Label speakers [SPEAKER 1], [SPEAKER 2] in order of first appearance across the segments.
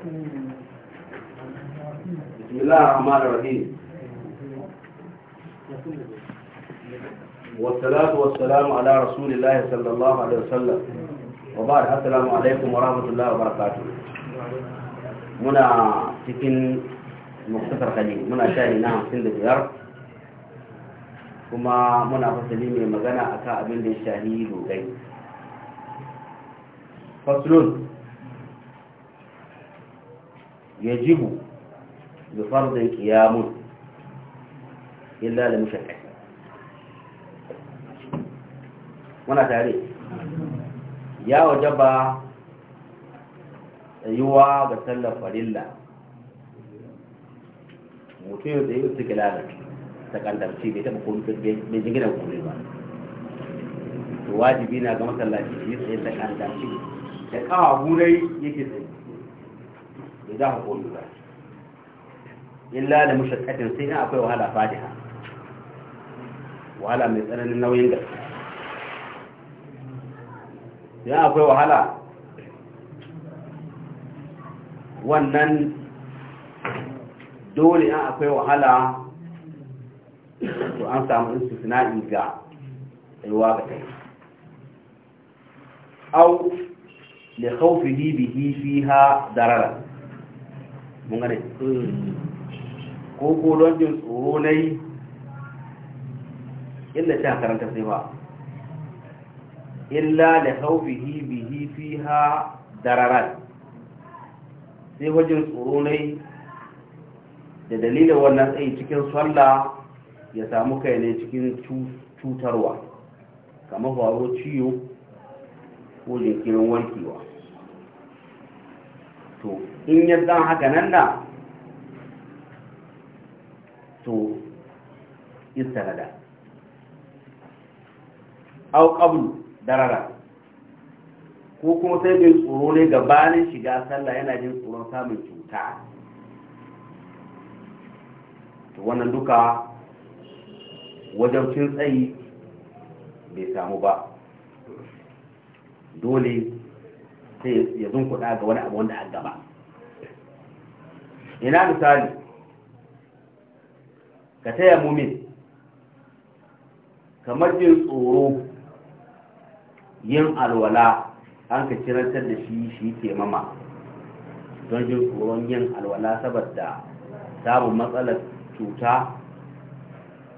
[SPEAKER 1] بسم والسلام على رسول الله صلى الله عليه وسلم وبعد السلام عليكم ورحمة الله وبركاته منا cikin مختصر khalil منا shayi نعم سند kuma كما منا mai magana akan abin da ya shahi dogai faslun يجب بفرض fardin إلا illa li mushaqqaq muna tare ya wajaba yiwa ga sallar farilla mutum da yi istiklalar ta kallarci bai taɓa kuma bai jingina ba wajibi na ga masallaci shi tsaye ta kallarci da kawo gurai yake sai إذا هو ذلك إلا لمشهد أتن سيناء أقول وهلا فادحة وهلا مثلا إنه يندر يا أقول وهلا ونن دولي يا أقول وهلا وأنسى من استثناء إنجاء الواقعين أو لخوفه به فيها ضررا mun gane hmm. ko ko don jin tsoro na yi illa ta karanta sai ba illa da haufihi bihi fiha dararat sai wajen tsoro ne da dalilin wannan tsayi cikin sallah ya samu kai ne cikin cutarwa kamar faro ciwo ko jinkirin warkewa to in ya zan haka nan na to istanada au qabl darara ko kuma sai bin tsoro ne gabanin shiga sallah yana jin tsoron samun cuta to wannan duka wajen cin tsayi bai samu ba dole sai ya kuɗa ga wani abu wanda an gaba ina misali ka taya mumin kamar jin tsoro yin alwala an ka cirantar da shi shi ke mama don jin tsoron yin alwala saboda samun matsalar cuta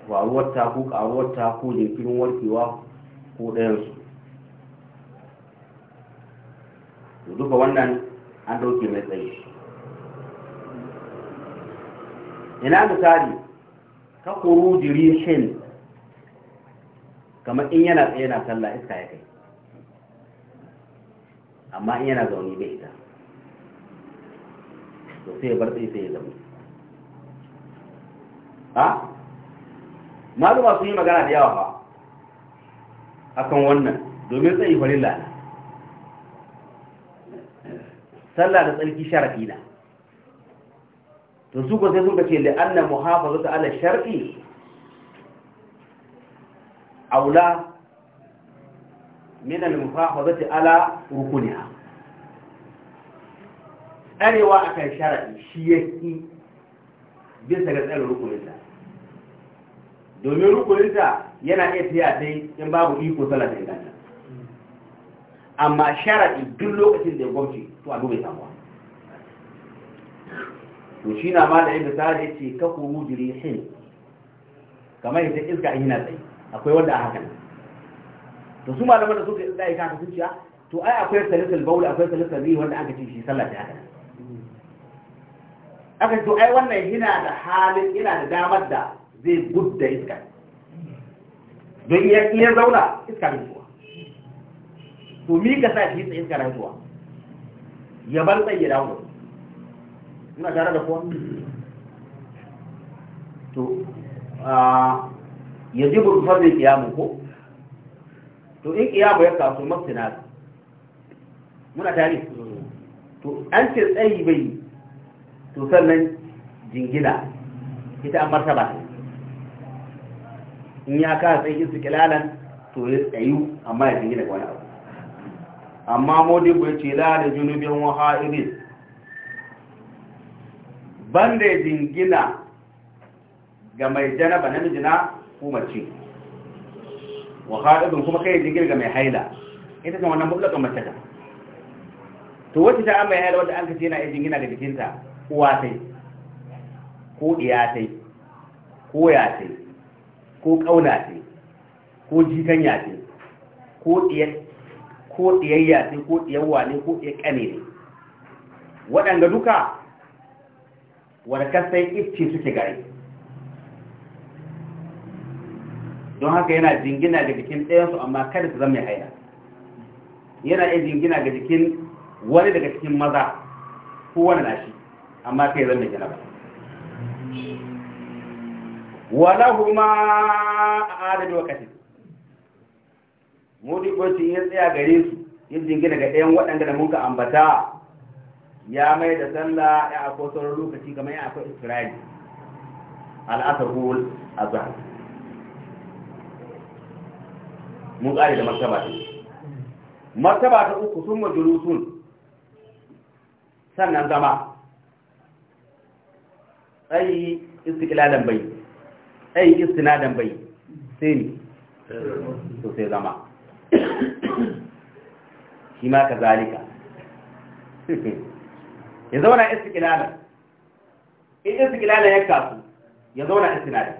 [SPEAKER 1] faruwar ta ko karuwar ko jinkirin warkewa ko ɗayansu to duka wannan an dauke mai tsayi ina misali ka kuru jirishin kamar in yana tsaye na sallah iska ya kai amma in yana zaune bai ita to sai ya bar tsaye sai ya zaune ha maluma sun yi magana da yawa ba akan wannan domin tsayi farin lana sallah da tsarki sharafi na to su ko sai suka ce la'anna muhafazatu ala shar'i aula min al-muhafazati ala rukuniha arewa akan sharafi shi ya ki bisa ga tsarin rukuninta domin rukuninta yana iya tiya dai in babu iko sallah da inganta amma sharadi duk lokacin da ya gwamce to a dubai samuwa to shi na ma da yadda tsari ce ka kuru hin kamar yadda iska in yana tsaye akwai wanda a hakan to su malaman da suka tsaye kaka sun ciya to ai akwai salisal bauli akwai salisal zai wanda aka ce shi sallah ta haka aka to ai wannan yana da halin yana da damar da zai gudda iska don iya zauna iska da kuwa to mi ka sa shi tsayin karantuwa ya bar tsaye ya dawo ina tare da kuwa to ya ji burfar da kiyamu ko to in kiyamu ya kasu masu na muna tare to an ce tsayi bai to sannan jingina ita an martaba in ya kasa tsayi su kilalan to ya tsayu amma ya jingina ga wani abu amma modi bai ce la da junubin waha'iri banda ya jingina ga mai janaba namiji na umarci waha'irin kuma kai dingina ga mai haila ita kan wannan mutlakan mace ta to wacce ta an mai haila wadda an kace yana jingina ga jikinta uwa sai ko iya sai ko ya sai ko kauna sai ko ya sai ko iya ko ɗiyayya ne ko ɗiyawwa ne ko ɗiyar ƙane ne waɗanda duka warkar sai ifci suke gare don haka yana jingina ga jikin ɗayansu amma kada su zama haina yana iya jingina ga jikin wani daga cikin maza ko wani nashi amma kai zama gina ba wala kuma a adadi wakati modiboci ya tsaya gare su yin jingina ga ɗayan waɗanda da muka ambata ya mai da sallah ya akwai sauran lokaci kamar ya akwai Isra'il, al'asar hul azhar mun ƙare da martaba ta martaba ta uku sun majurusun sannan zama tsayi istiklalan bai tsayi istinadan bai sai ne to sai zama shi ma ka zalika ya zauna istiqlalan in istiqlalan ya kasu ya zauna nari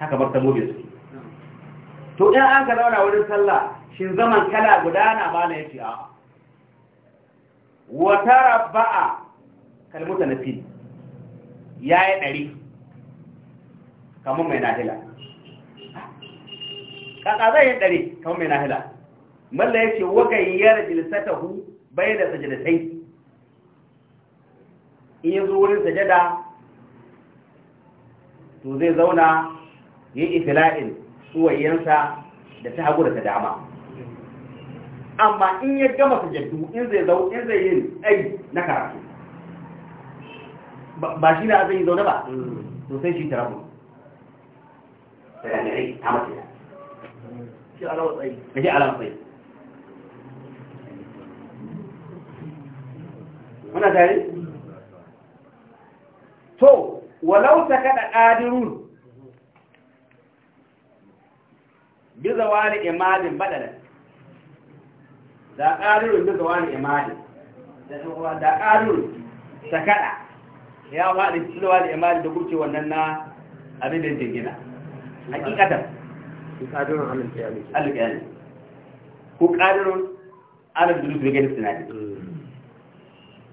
[SPEAKER 1] haka bar tamo bai suke to in an ka zauna wurin sallah shin zaman kala gudana ba na yace a wata raba'a kalmuta na fil ya yi ɗari kamun mai nahila kaka zai yin dare kamar mai nahila malla ya ce, yace wa gayyar jilsatahu bayna sajdatai in yazo wurin sajada to zai zauna yi ifila'in suwayensa da ta hagu da ta dama amma in ya gama sajadu in zai zau in zai yi ai na karatu ba shi na zai zaune ba mm. to sai shi ta sai da ne ta mace da shi alama muna tare? to walau kada ƙadirun biza wani imadin badala da ƙarirun biza wani imadin da ƙarirun ta kada ya waɗin cilowa da imadin da kuce wannan na abin da jingina hakikatar qadirun ala al-qiyam al-qiyam ko qadirun ala al-dulus bi gani sinadi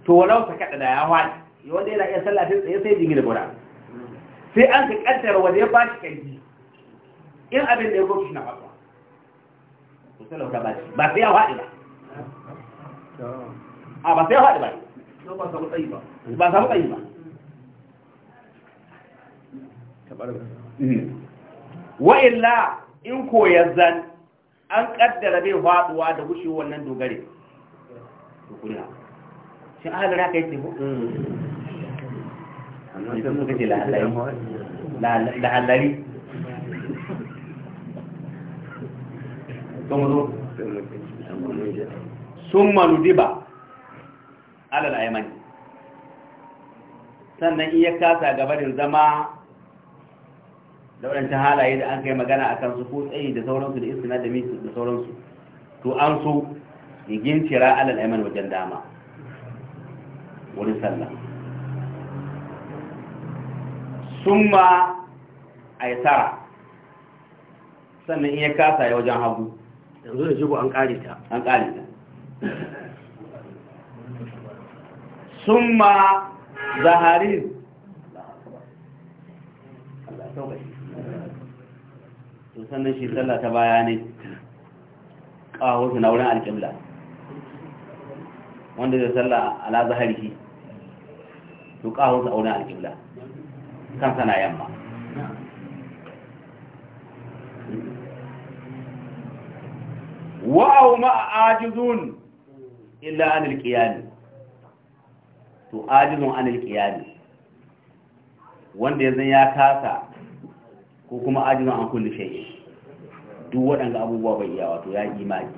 [SPEAKER 1] to walau ta kada da ya wani wanda yana iya sallah sai tsaye sai jingina gura sai an ka kaddara wanda ya bashi kanji in abin da ya gofi shi na faɗuwa to sai lauta ba ba sai ya wadi ba a ba sai ya wadi ba ba samu tsayi ba ba tsayi ba wa'illa in ko ya zan an kaddara bai faduwa da gushe wannan dogare kuna shin ahalar haka yake ko sai muka ce lahallari kuma zo sun alal aimani sannan iya kasa gabarin zama da waɗancan halaye da an kai magana a kansu ko tsayi da sauransu da istina da misu da sauransu to an so ya gincira alal aiman wajen dama wurin sallah summa aisara sannan iya kasa ya wajen hagu yanzu da jigo an kare ta an kare ta summa zaharin Allah to sannan shi sallah ta baya ne ƙawo su na wurin alƙibla wanda zai sallah ala zahari to ƙawo su a wurin alƙibla kan sana yamma wa'au ma'ajizun illa anil qiyam to ajizun anil qiyam wanda yanzu ya kasa ko kuma ajima an kulle shay duk waɗanda abubuwa bai iya wato ya imani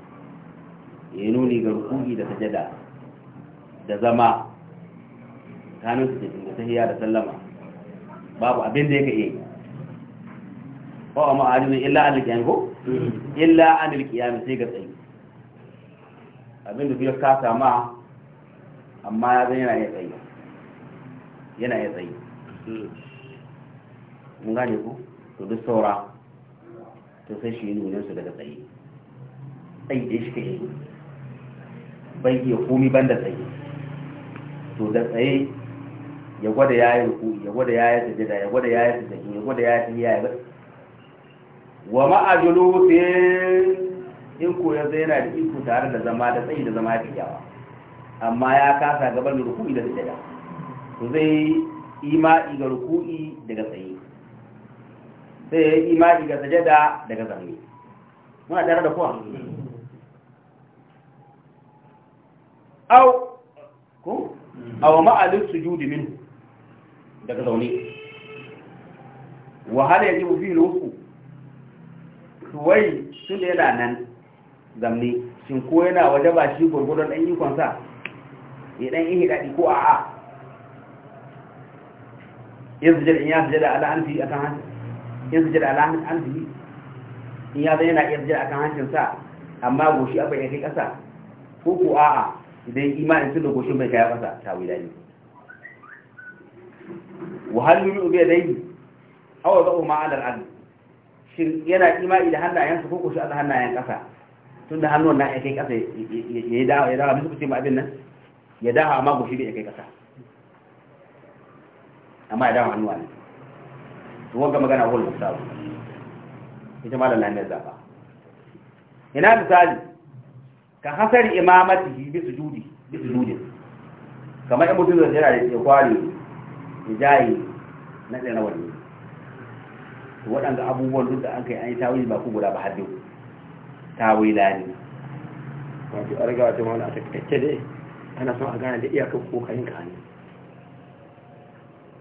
[SPEAKER 1] ya nuni ga rukuni da sajada da zama kanun su cikin da tahiyya da sallama babu abin da yake yi ko amma ajinu illa an alqiyam ko illa an alqiyam sai ga tsayi abin da biyar ka sama amma ya zan yana ya tsayi yana ya tsayi mun gane ku. to duk saura to sai shi nunin su daga tsaye tsaye da shi ka yi bai iya komi ban da tsaye to da tsaye ya gwada ya yi ruku ya gwada ya yi sajada ya gwada ya yi sajada ya gwada ya yi ya yi wa ma'ajulu sai in ko ya zai yana da iko tare da zama da tsayi da zama ya fi amma ya kasa gabar da ruku'i da sajada to zai ima'i ga ruku'i daga tsaye sai ya yi imani ga sajada daga zamani muna tare da kuwa au ko awa ma'alin sujudi min daga zaune wa hal yajibu fi su wai tun yana nan zamne shin ko yana waje ba shi gurgurdan dan yi kwansa ya ɗan yi dadi ko a a yanzu jirgin in ya sujada ala a kan hansa in sujada ala hanzi in ya zai yana iya sujada akan hancinsa amma goshi abu ya kai ƙasa ko ko a'a idan imanin tun da goshin bai kai ƙasa ta wuya ne wahal yuru bai dai hawa za'o ma alal ard shin yana imani da hannayensa ko ko shi Allah hannayen ƙasa tun da hannun nan ya kai ƙasa ya yi dawa ya dawa musu kuce ma abin nan ya dawa amma goshi bai kai ƙasa amma ya dawa hannuwa ne to wanga magana ta misali ita da nan ne zaba ina misali ka hasar imamati bi sujudi bi sujudi kamar in mutum zai yana da kwari ya jayi na tsaye na wani waɗanda abubuwan duk da an kai an yi tawili ba ku guda ba haddu tawila ne wato a rigawa ta wani a takaitacce dai ana son a gane da iyakar kokarin ka hannu.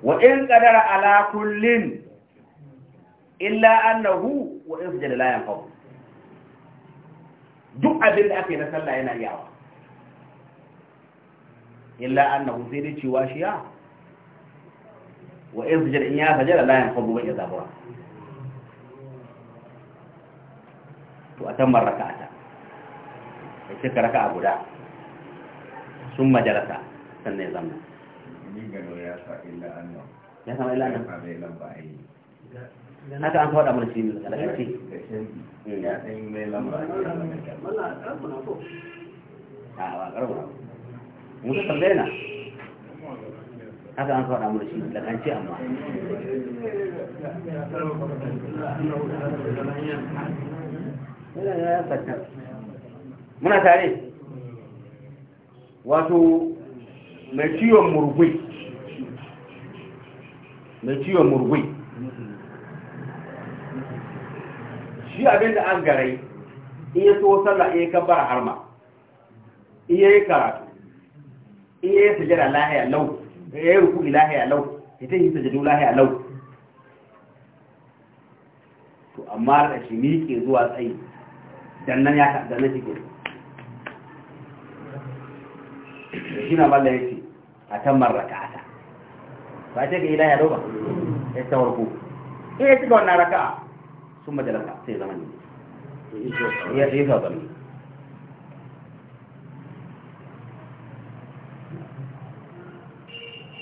[SPEAKER 1] wa in qadara ala kullin illa annahu wa in sujada la yanqabu duk abin da aka yi na sallah yana yawa illa annahu sai dai cewa shi ya wa in sujada in ya sajada la yanqabu ba ya zabura to atamma raka'ata ya cika raka'a guda sun majalasa sannan ya zama ya sa illa annan haka an faɗa mana shi da ƙarfi eh, eh. ya ɗan mai lamba a a ba ƙarfa mutu tambaye na haka an faɗa mana shi da amma muna tare wato mai ciwon murgui na ciwon murgui shi abin da an garai in ya so sallah iya kan fara harma in yi karatu in yi sujada lahiya lau in yi rukuni lahiya lau ita yi sujadu lahiya lau to amma da shi miƙe zuwa tsayi dan nan ya dan nan shi shi na malla ce a tan marraka ba ce ga ilahi ado ba ya ta warko in ya cika wannan raka'a sun majalasa sai zama ne ya yi sa zama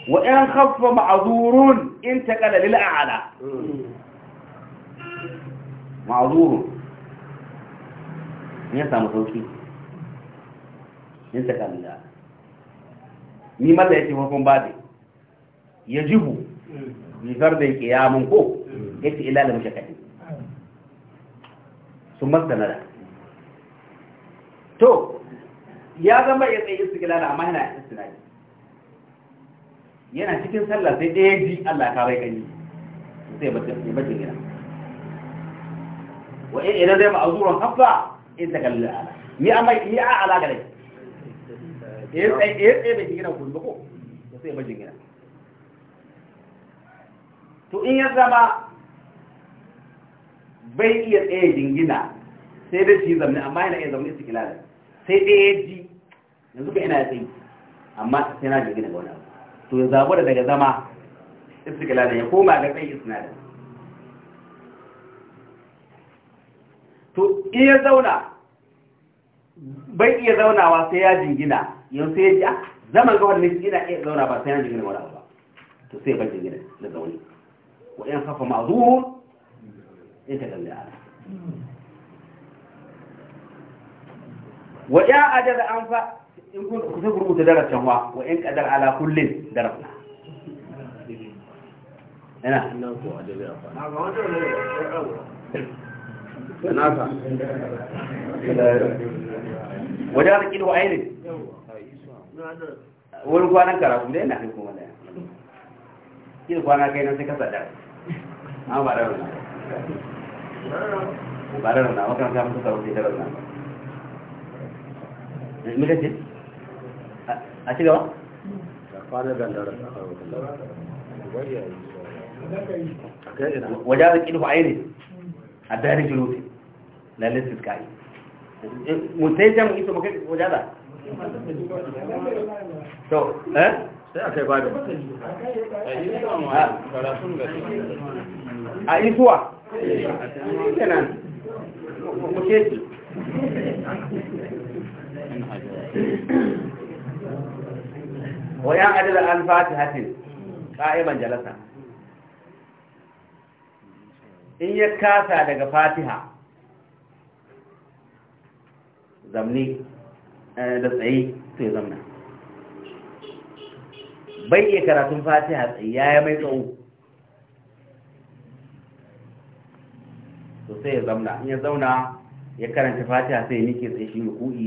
[SPEAKER 1] wa in khaffa ma'zurun in taqala lil a'la ma'zurun ya samu sauki in ta taqala ni malla yace farkon babu ya jihu rigar da yake ya mun ko mm. ya ce ila da mashakati sun masana da to ya zama ya tsaye istikilala amma yana ya istinadi yana cikin sallah sai ɗaya ji Allah ka bai kanyi sai ya bace gina wa in idan zai ma'azuran hafa in ta kalli ala ni a mai ni a ala gare ya tsaye eh, eh, eh, bai gina kullu ko sai ya bace gina to in ya zama bai iya tsaye jingina sai dai shi zamani amma yana iya zamani istikilala sai dai ya ji yanzu ka ina tsaye amma sai na jingina ga wani abu to ya zabu da daga zama istikilala ya koma ga tsaye isnadin to in ya zauna bai iya zaunawa sai ya jingina yau sai ya ji ah, zaman ga wani ina iya zauna ba sai ya jingina wani abu ba to sai ya bar jingina da zaune وإن خف معذور يتدلى عليه وإن أجل أنفع إن كنت أخذكم متدرسا وإن قدر على كل درسنا أنا wajen rikin wa ainihin wani kwanan karatu da yana hankali kuma da yana kwana nan an ah, ba da rauna ba da rauna makaranta musu sarauta da rauna ba mita ce a ci gaba? kwanar gandara waje da ƙilu a yi a na lissis kayi mutai to eh sai aka yi babin a isuwa kenan muke ci wayan adala an fati hatin ƙa'iban jalasa in ya kasa daga fatiha zamni da tsaye sai zamna bai iya karatun fatiha ya ya mai tsawo to sai ya zauna in ya zauna ya karanta fatiha sai ya nike tsaye shi kuɗi,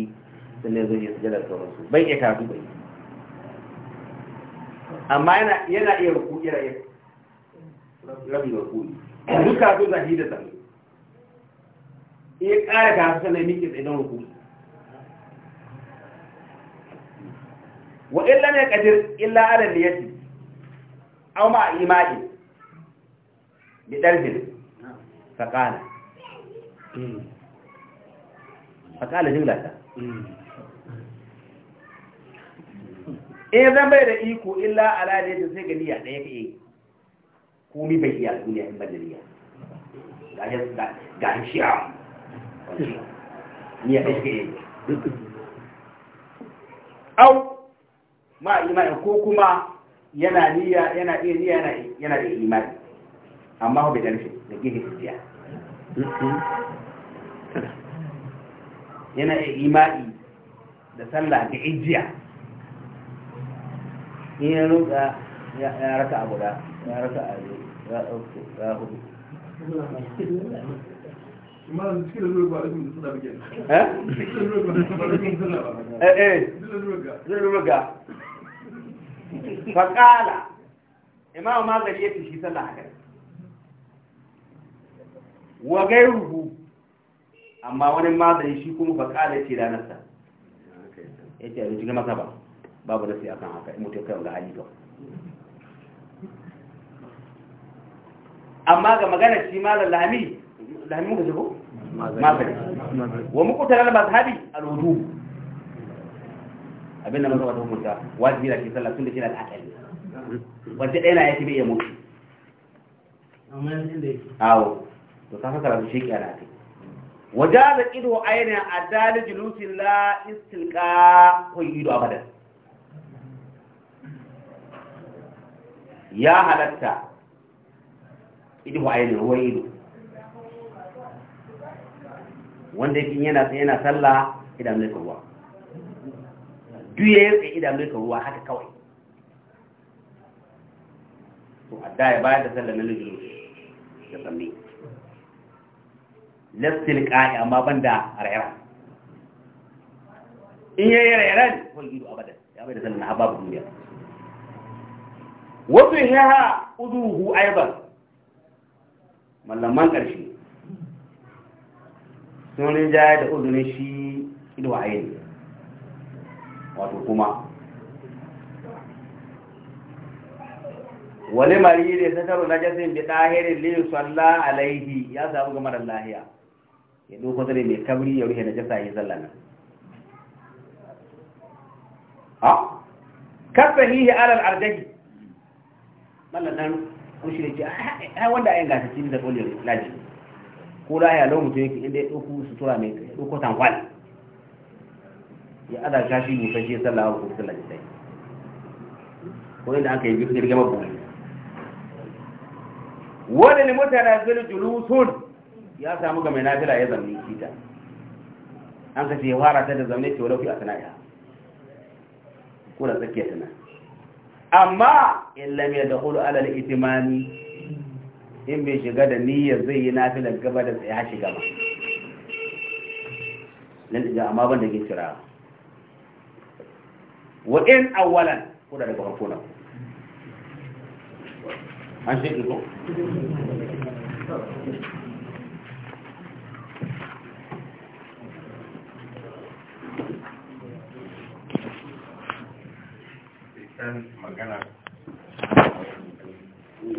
[SPEAKER 1] sai ya zo ya sujada da sauransu bai iya karatu bai amma yana yana iya ruku'i yana iya rabin ruku'i duk karatu zahi da zami in ya ƙara karatu sannan ya nike sai don ruku'i wa illa ne kadir illa ala liyati aw ma imai bi dalil fa qala fa qala jumla ta in eh bai da iko illa ala liyati sai ga niyya daya kai komi bai iya duniya in bada niyya ga ga ga shi'a niyya daya kai au ma imani ko kuma yana niyya yana iya niyya yana yana da imani amma ba da nufi da gidi tiya mm-hmm. yana iya imani da sallah da ijiya in ya roƙa ya raka abu da ya raka zai ya ɗauke ya hudu da da suke zuwa Eh? faƙala imam magani ya fi shi sallah haka wa gairuhu amma wani magani shi kuma faƙala ce ranarsa ya ce abinci na masaba ba babu da sai akan haka in mutum kai wanga hali ba amma ga magana shi da lahami lahami muka shigo magani wa muku tarar mazhabi al-wudu abinda maza wata hukunta wajibi da ke sallah tun da yana da akali wacce ɗaya na yake bai iya mutu awo to ka fasara su shi kyana ta waje da ido ainihin a dalil julusin la istilka kun ido abada ya halatta ido ainihin ruwan ido wanda yake yana sallah idan zai ruwa duk ya yanka idanu ka ruwa haka kawai to adda ya bayar da sallar na lujuru da sanni lastil ƙa'i amma ban da raira in ya yi raira ne kawai a abadan ya bai da sallar na ababu duniya wasu yaha uzuhu aiban mallaman ƙarshe sun rinjaya da uzunin shi ido a ne wato kuma wani mariri ta taru na jasin bi ɗahirin liyu salla alaihi ya samu ga marar lahiya ya ɗoko zare mai kabri ya rufe na jasa yi zalla nan ha kafa hihi alal ardahi mallan nan kun da ke ce ai wanda ayin gasa cikin da tsoliyar laji ko lahiya lau mutum yake inda ya ɗoko sutura mai ɗoko tankwali ya ana kashi busashe sallah a sallar na jisai ko inda aka yi jirgin mabuwi wani ne mutane zai julusun ya samu ga mai nafila ya zamni kita an ka ce ya fara ta da zamne ce wadafi a sana'a ko da tsakiya tana amma in lam ya dakhulu ala al-itimani in bai shiga da niyyar zai yi nafilar gaba da ya shiga ba nan da amma ban da ke kira wa in awwalan ko da daga farko na an shi ko magana